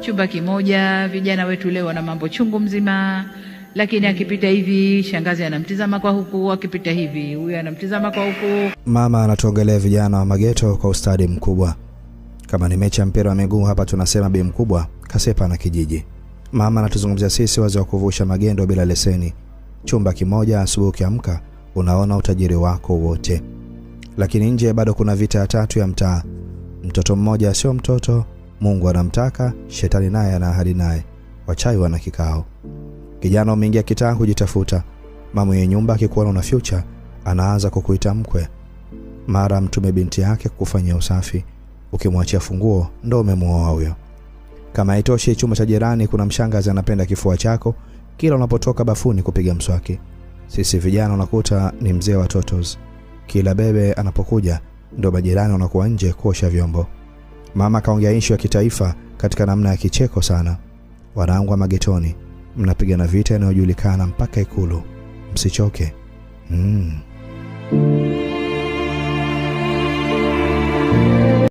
chumba kimoja, vijana wetu leo wana mambo chungu mzima, lakini akipita hivi shangazi anamtizama kwa huku, akipita hivi huyu anamtizama kwa huku. Mama anatuongelea vijana wa mageto kwa ustadi mkubwa. Kama ni mechi ya mpira wa miguu hapa tunasema bi mkubwa kasepa na kijiji. Mama anatuzungumzia sisi wazee wa kuvusha magendo bila leseni, chumba kimoja, asubuhi ukiamka unaona utajiri wako wote, lakini nje bado kuna vita ya tatu ya mtaa. Mtoto mmoja sio mtoto Mungu anamtaka, shetani naye anaahadi naye, wachai wana kikao. Kijana umeingia kitaa kujitafuta, mama yenye nyumba akikuona una future anaanza kukuita mkwe, mara mtume binti yake kufanyia usafi, ukimwachia funguo ndo umemuoa huyo. Kama itoshe chuma cha jirani kuna mshangazi anapenda kifua chako kila unapotoka bafuni kupiga mswaki. Sisi vijana unakuta ni mzee wa totos, kila bebe anapokuja ndo majirani wanakuwa nje kuosha vyombo. Mama kaongea issue ya kitaifa katika namna ya kicheko sana. Wanangu wa magetoni, mnapigana vita inayojulikana mpaka Ikulu, msichoke. mm.